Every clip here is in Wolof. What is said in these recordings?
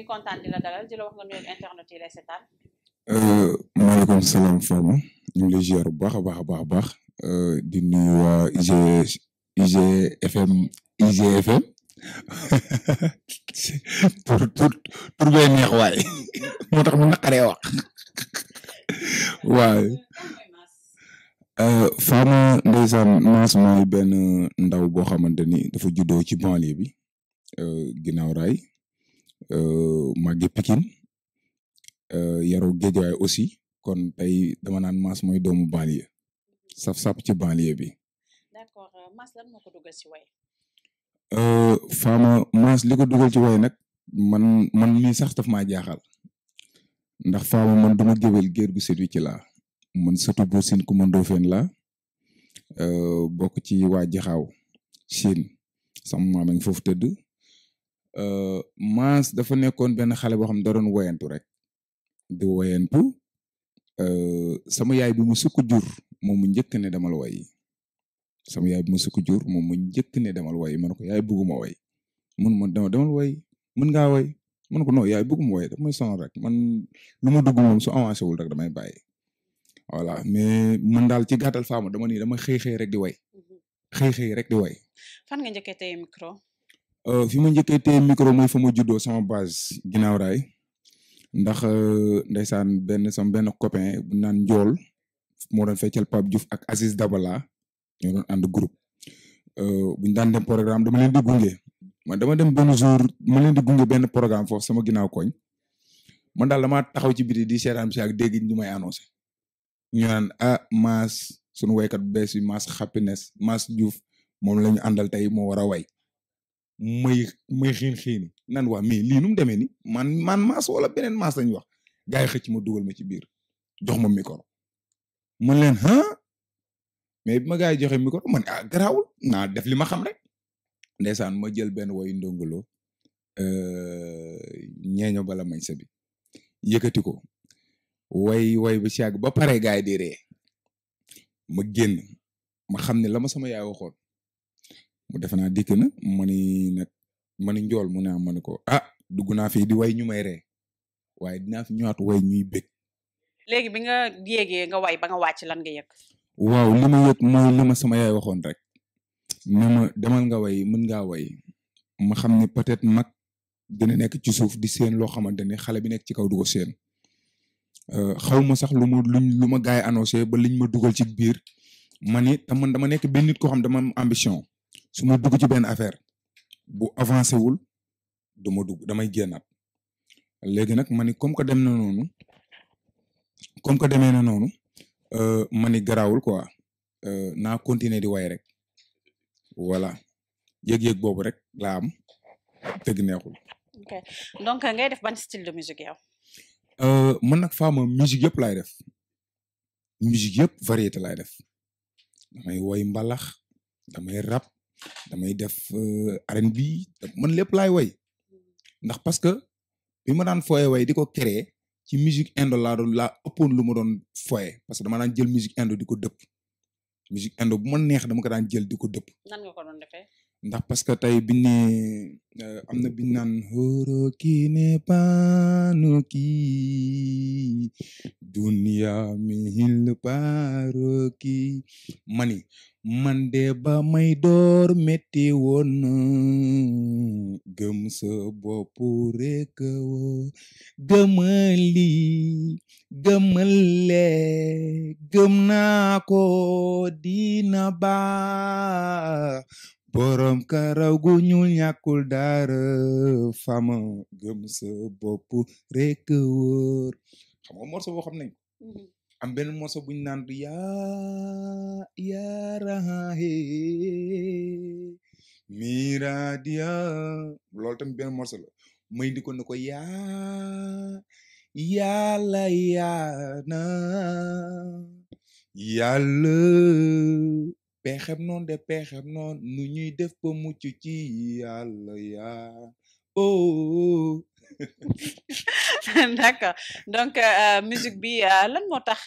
ngi kontaan di euh, salaam Fatma ñu ngi lay ziar bu baax a baax a baax a baax euh, di nuyu pour pour pour bay neex waay moo tax mu naqaree wax waay. Euh, Fama ndeysaan Mass mooy benn ndaw boo xamante ni dafa juddoo ci banlieue bi ginnaaw Euh, màgge Pikine euh, yaroo Géejawaay aussi kon tey dama Mass mooy doomu banlieue saf sap ci banlieue bi. d'accord euh, Mass Fama Mass li ko dugal ci way nag man man mii sax daf maa jaaxal ndax Fama man duma géwél géer gu séddu ci laa man sëtu bu Sine Coumba la laa bokk ci waa Jaxaaw Sine sama maam ngi foofu tëdd. Mass dafa nekkoon benn xale boo xam ne da doon woyantu rek di woyantu sama yaay bu mu sukk jur moom mu njëkk ne demal way sama yaay bu mu sukk jur moom mu njëkk ne demal way man ko yaay bugguma way mun ma demal way mën ngaa way man ko non yaay bugguma way daf may sonal rek man lu ma dugg moom wul rek damay bàyyi voilà mais man daal ci gàttal faama dama nii dama xëy rek di way mhm. xëy xëy rek di micro Euh, fi ma njëkkee te micro mooy fa ma juddoo sama base ginnaaw raay ndax euh, ndeysaan benn sama benn copain bu naan njool moo doon feccal Pape ak Aziz Dabala ñoo doon ànd groupe euh, bu ñu daan dem programme dama leen di gunge man dama dem benn jour ma leen di gunge benn programme foofu sama ginnaaw koñ man daal dama taxaw ci biti di seetaan si ak dégg ñu may annoncé ñu naan ah, Mass sunu waykat bu bees bi Mass Happiness Mass Diouf moom la ñu àndal tey moo war a way may may xiin xiini nan waa mais lii nu mu demee ni man man maas wala beneen maas lañ wax gars yi xëcc ma dugal ma ci biir jox ma micro man leen ah mais bi ma gars joxe micro man a ah, garaawul naa def li ma xam rek ndeysaan ma jël benn woy ndongolo euh, ñeeño bala mañ sa bi ko way way ba si yàgg ba pare gars yi ma génn ma xam ne la ma sama yaay waxoon mu defe naa dikk na ma ni nag ma ni njool mu ne ma ni ko ah dugg naa fii di way ñu may ree waaye dinaa fi ñëwaat way ñuy bég. léegi bi nga yéegee nga way ba nga wàcc lan nga yëg. waaw li ma sama yaay waxoon rek. demal nga way mën ngaa way ma xam ne peut-être mag dina nekk ci suuf di seen loo xamante ne xale bi nekk ci kaw du ko seen. Euh, xaw ma sax lu ma luñ lu ma gars yi annoncé ba liñ ma dugal ci biir ma ni te man dama nekk benn nit koo xam dama am ambition. su ma dugg benn affaire bu avancé wul du ma dugg damay génnaat léegi nag ma ni comme que dem na noonu comme que demee na noonu euh, ma ni garaawul quoi euh, naa continuer di way rek voilà yëg-yëg boobu rek laa am tëgg neexul. ok donc def ban style de musique yow. Euh, man nag faama musique yëpp laay def musique yëpp variété laay def damay woy mbalax damay rap damay def euh, arène bi man lépp laay woy ndax parce que bi ma daan fooye way di ko créer ci musique indo la doon la ëppoon lu ma doon fooye parce que dama daan jël musique indo di ko dëpp musique indo bu ma neex dama ko daan jël di ko dëpp. ndax parce que tey biñ ne euh, am na biñ naan horo ki ne pano ki dunia mi hil paro ki mani man de ba may door metti woon gëm sa bopp rek woo gëmali gëmale gëm naa ko dina baax borom karaw gu ñuul ñàkkul dara fama gëm sa bopp rek wóor xam nga morceau boo xam nañ mm-hmm. am benn morceau buñ naan du yaa yaa rahe miradia loolu tamit benn morceau la may ko ne ko yaa yàlla yaana yàlla pexem noon de pexem noon nu ñuy def ba mucc ci yàlla yaa oh. d'accord donc euh, euh, musique bi euh, lan moo tax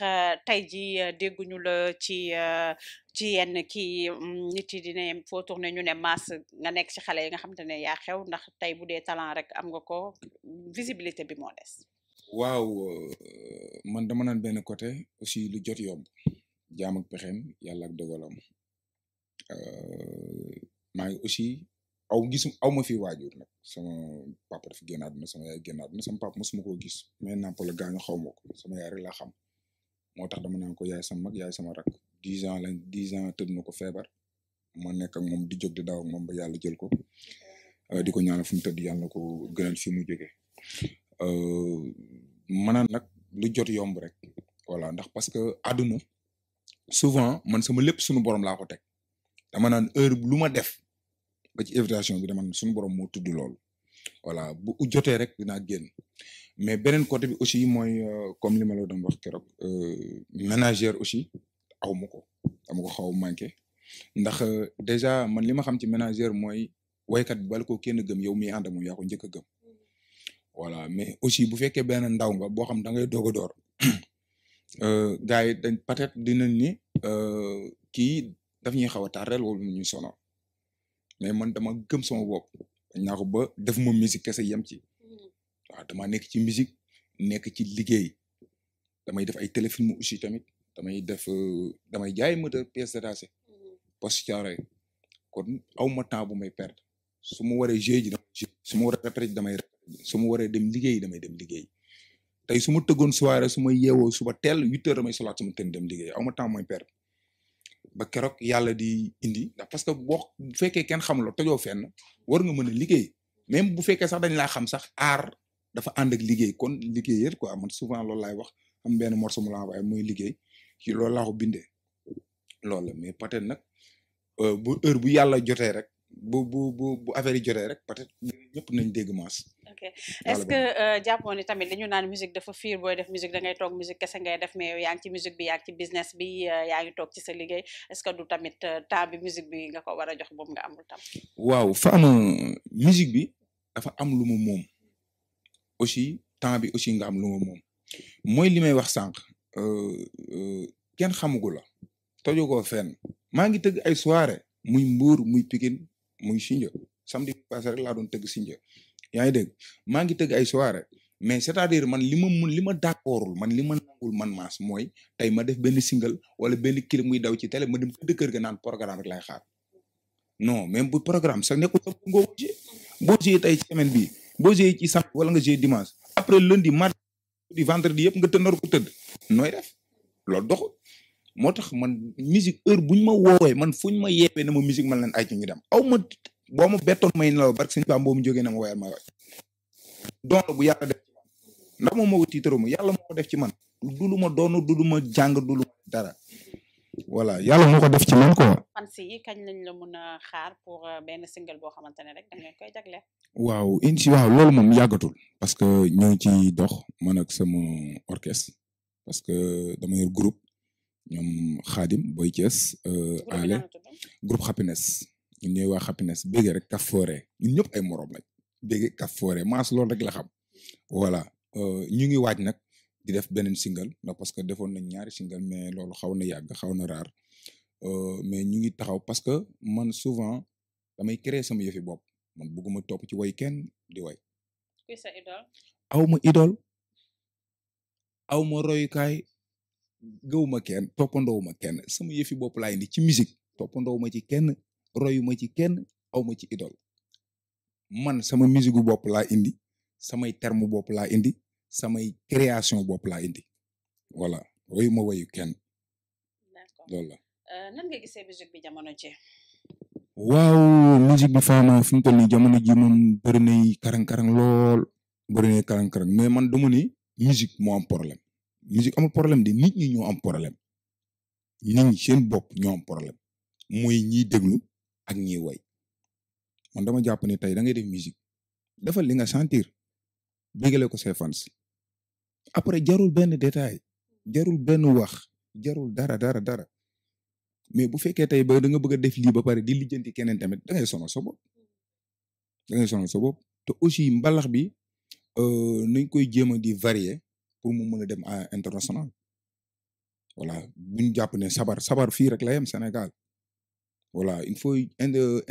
tey ji dégguñu la ci ci yenn kii mm, nit yi dina yem foo ne masse nga nekk ci xale yi nga xamante ne ya xew ndax tey bu dee talent rek am nga ko visibilité bi moo des. waaw man dama naan benn côté aussi lu jot yomb jaam ak pexeem yàlla Euh, maa ngi aussi aw gisum aw ma fi waajur nag sama papa dafa génn àdduna sama yaay génn àdduna sama papa mosuma koo gis mais nàmpal gaañu xaw ma ko sama yaay rek laa xam moo tax ma naan ko yaay sama mag yaay sama rak dix ans lañ dix ans tëdd na ko feebar ma nekk ak moom di jóg di daaw ak moom ba yàlla jël ko euh, di ko ñaan fu mu tëdd yàlla ko gënal fi mu euh, nag lu jot yomb rek voilà ndax parce que àdduna souvent man sama lépp suñu borom laa ko teg dama naan heure lu ma def a ci évitation bi dama naan suñu borom moo tudd loolu voilà bu jotee rek dinaa génn mais benen côté bi aussi mooy euh, comme li ma la doon wax keroog euh, ménagère aussi aw ma ko dama ko xaw manqué ndax euh, déjà man li ma xam ci ménagère mooy waykat bi bala ko kenn gëm yow miy ànd ak moom yaa njëkk gëm voilà mais aussi bu fekkee benn ndaw nga boo xam da ngay doog a door gars yi dañ peut ni kii daf ñuy xaw a tardel wala ñu ñuy sonal mais man dama gëm sama bopp dañ ba def ma musique kese yem ci hmm. waaw nekk ci musique nekk ci liggéey damay def ay téléfilm aussi tamit damay def euh, damay jaay moteur pièce détachée hmm. poste carré kon aw ma temps bu may perdre su ma waree jeu ji damay jeu su ma waree répété damay répété su ma waree dem liggéey damay dem liggéey tey su ma tëggoon soirée su ma yeewoo suba teel huit heures damay solaat sama tën dem liggéey aw ma temps mooy perdre ba keroog yàlla di indi ndax parce que boo fekkee kenn xamuloo tojoo fenn war nga mën a liggéey même bu fekkee sax dañ laa xam sax aar dafa ànd ak liggéey kon liggéeyal quoi man souvent loolu laay wax am benn morceau mu la muy mooy liggéey ci loolu laa ko bindee loolu mais peut-être nag euh, bu heure bu yàlla jotee rek bu bu bu bu rek peut-être ñëpp na dégg maas. que euh, jàppoon tamit li ñu naan musique dafa fiir booy def musique da ngay toog musique kese ngay def mais yow yaa ngi ci musique bi yaa ngi ci business bi euh, yaa ngi toog ci sa liggéey ce que du tamit euh, temps bi musique bi nga ko war a jox boobu nga amul tam. waaw Fama musique bi dafa am lu mu moom aussi temps bi aussi nga am lu mu moom mooy li may wax sànq kenn xamugu la tojoo ko fenn maa ngi tëgg ay soirée muy Mbour muy Pikine mooy Sinja samedi passé laa doon tëgg Sinja yaa ngi dégg maa ngi tëgg a soirée mais c'est-à-dire man li ma mun li ma d'accordul man li ma nangul man maas mooy tey ma def benn single wala benn clip muy daw ci télé ma dem tëdd kër ga naan programme rek lay xaar non même bu programme sax nekkul sax nga wujje boo jiyee tey ci semaine bii boo jiyee ci samedi wala nga jiyee dimanche après lundi mardi vendredi yëpp nga tëndoor ko tëdd nooy def loolu doxul moo tax man musique heure buñ ma woowee man fuñ ma yeewee na ma musique man leen ay ci ñu dem aw ma boo ma bettoon may nelaw barke sëñ Bamba boo mu jógee na ma woyal ma waay bu yàlla def ci man ndax moom ma wuti tërëmu yàlla moo ko def ci man du ma doon du lu ma dara voilà yàlla moo ko def ci man quoi. fans yi kañ lañ mën a xaar pour euh, benn single boo xamante ne rek da ngeen koy jagleel. waaw incha waaw loolu moom yàggatul. parce que ñoo ngi ciy dox man ak sama orchestre parce que dama yor groupe. ñoom Xaadim Boy Thiès. Euh, ale groupe happiness ñun ñooy waa happiness bége rek kaf foore ñun ñëpp ay morom lañ bége kaf foore maas loolu rek la xam voilà euh, ñu ngi waaj nag di def beneen single ndax parce que defoon nañ ñaari single mais loolu xaw na yàgg xaw na raar euh, mais ñu ngi taxaw parce que man souvent damay créer sama yëfi bopp man bëgguma topp ci way kenn di way. kuy sa idole. aw ma idole aw gëwuma kenn toppandoo ma kenn sama yëfi bopp laay indi ci musique toppandoo ma ci kenn royu ma ci kenn aw ma ci idole man sama musique bu bopp laa indi samay terme bopp laa indi samay création bopp laa indi voilà royu ma wayu kenn loolu la euh, nan nga gisee musique bi jamono fi mu toll nii karang-karang lool bëri karang-karang mais man dama ni musique moo musique amul problème de nit ñi ñoo am problème nit ñi seen bopp ñoo am problème muy ñiy déglu ak ñiy way mon dama jàpp ne tey da ngay def musique defal li nga sentir bégale ko say après jarul benn détail jarul benn wax jarul dara dara dara mais bu fekkee tey ba da nga bëgg a def lii ba pare di lijjanti keneen tamit da ngay sonal sa bopp da nga sonal sa bopp te aussi mbalax bi euh, nañ koy jéem a di varier pour mu mën a dem à international mmh. voilà bu jàpp ne sabar sabar fii rek la yem Sénégal voilà il faut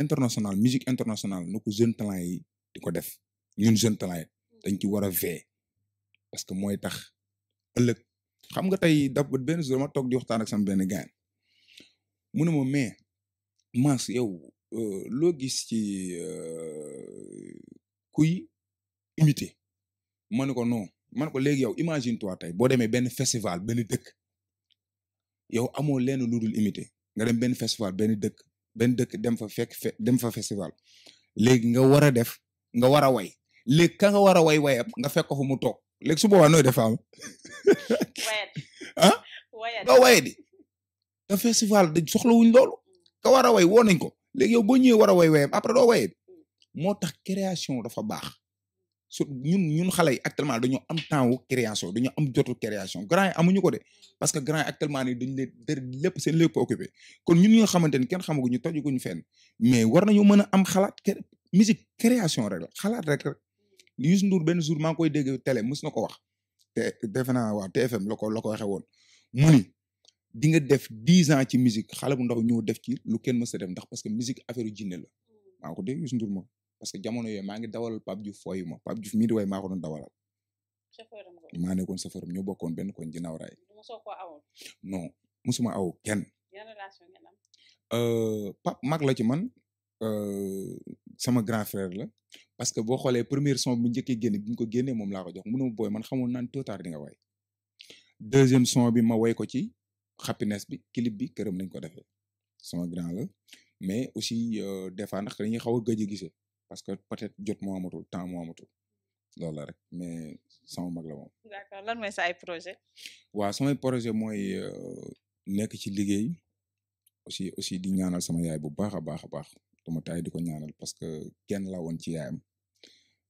international musique internationale na ko jeune talent yi di ko def ñun jeune te yi dañ ci war a vee parce que mooy tax ëllëg xam nga tey dab benn jour ma toog di waxtaan ak sama benn gaan mu ne ma Mass yow euh, loo gis ci euh, kuy imité ma man ko léegi yow imagine toi tey boo demee benn festival benn dëkk yow amoo lenn lu dul imité nga dem benn festival benn dëkk benn dëkk dem fa fekk fe dem fa festival léegi nga war a def nga war a way léegi ka nga war a way wayam nga fekk ko fu mu toog léegi su boobaa nooy defaam ah doo waye di te festival da soxlawuñ loolu ka war a way woo nañ ko léegi yow boo ñëwee war a way wayam après doo waye di mm. moo tax création dafa baax su ñun ñun xale yi actuellement dañoo am temps wu création dañoo am jotu création grand amuñu ko de parce que grand yi actuellement nii dañu leen lépp seen lépp occupé kon ñun ñoo xamante ni kenn xamaguñu tojuguñu feen mais war nañu mën a am xalaat musique création rek la xalaat rek rek Youssou Ndour benn jour maa ngi koy dégg télé mës ko wax te defe naa waa TFM la ko la ko waxee woon mu di nga def dix ans ci musique xale bu ndaw ñoo def ci lu kenn mës a def ndax parce que musique affaire yu jinne la maa ko dégg Youssou parce que jamono yooyu maa ngi dawalal Pape Diouf fooyu ma Pape Diouf mii way maa ko doon dawalal. maa nekkoon chauffeur am ñoo bokkoon benn koñ ginnaaw musuma aw kenn. Euh, Pape mag la ci man euh, sama grand frère la parce que boo xoolee première son bu njëkkee génne bi ñu ko génnee moom laa ko jox mu ma booy man xamoon naan tôt tard di nga way deuxième son bi ma way ko ci happiness bi clip bi këram lañ ko defee sama grand la mais aussi euh, des fois ndax dañuy xaw a gëj a gisee. parce que peut-être jot moo amatul temps moo amatul loolu la rek mais sama mag la moom. lan mooy sa ay projet. waaw samay projet mooy euh, nekk ci liggéey aussi aussi di ñaanal sama yaay bu baax a baax a baax ma taay di ko ñaanal parce que kenn la woon ci yaayam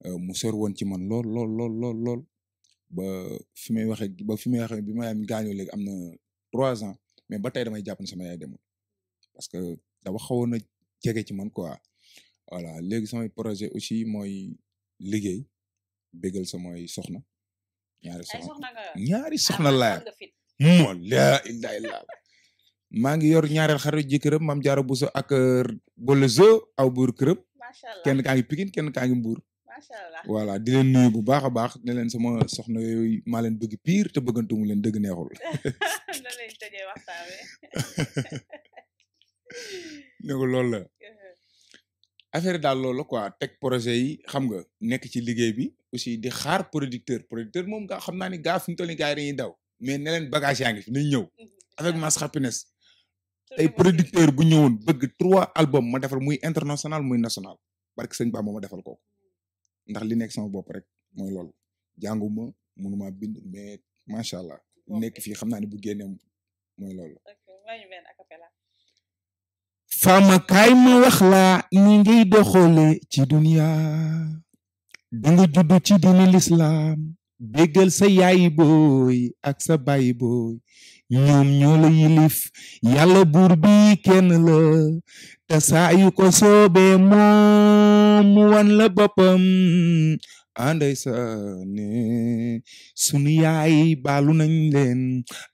euh, mu sor woon ci man lool lool lool lool lool ba fi may waxee ba fi may waxee bi ma yaayam gaañoo léegi am na trois ans mais ba tey damay jàpp ne sama yaay demul parce que dafa xawoon na jege ci man quoi. voilà léegi samay projet aussi mooy liggéey bégal samay soxna. ñaari soxna ñaari ah, soxna laa moo maa ngi yor ñaareel xaru jëkkëram maam jaara buso ak euh, boole zo aw buur këram. macha allah kenn kaa ngi Pikine kenn kaa ngi Mbuur. voilà di leen bu baax a baax ne leen sama soxna yooyu maa leen bëgg piir te bëggantu mu leen dëgg neexul. loolu affaire daal loolu la quoi teg projet yi xam nga nekk ci liggéey bi aussi di xaar producteur producteur moom nga xam naa ni gaa fi mu toll nii gars yi dañuy daw mais ne leen bagage yaa ngi fi nañ ñëw mmh, avec Mass Happiness tey producteur bu ñëwoon bëgg trois album ma defal muy international muy national barke sëñ Bamba ma defal kooku ndax li nekk sama bopp rek mooy loolu jànguma mënuma bind mais macha allah nekk fii xam naa ne bu génnee mooy loolu. faama kaay ma wax laa ni ngay doxale ci duniya danga judd ci dini lislaam béggal sa yaay booy ak sa baay booy ñoom ñoo la yilif yàlla buur bi kenn la te saa ko soobee moom mu wan la boppam anday ah, saane eh, sunu yaay baalu nañ leen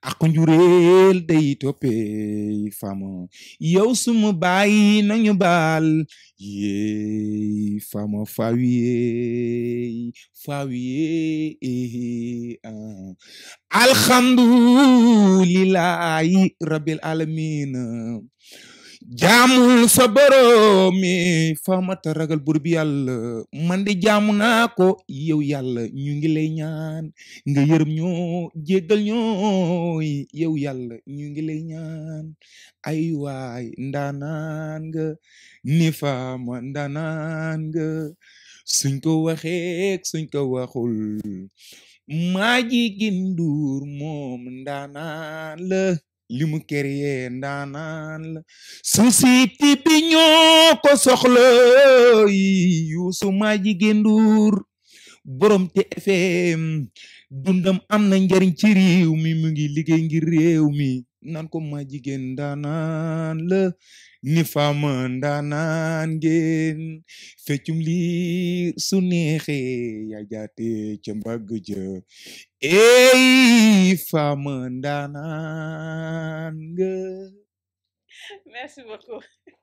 ak day toppee fama yow suma baay nañu baal yéey fama fawiyey fawiyey alhamdulilahi rabbil alamina jaamul sa boroom mi faamata ragal bur bi yàlla man di jaamu naa ko yow yàlla ñu ngi lay ñaan nga yërëm ñoo jéggal ñooy yow yàlla ñu ngi lay ñaan ay waay ndaanaan nga ni faama ndaanaan nga suñ ko waxeek suñ ko waxul maa ji ginduur moom ndaanaan la limu mu créé ndaanaan la société bi ñoo ko soxla yi Youssou maa jigéen Ndour borom TFM dundam am na njariñ ci réew mi ngi liggéey ngir réew mi naan ko maa ndaanaan la ni faman daanaan ngeen feccum liir su neexe ya jaate ca mbagg ja ey faman merci beaucoup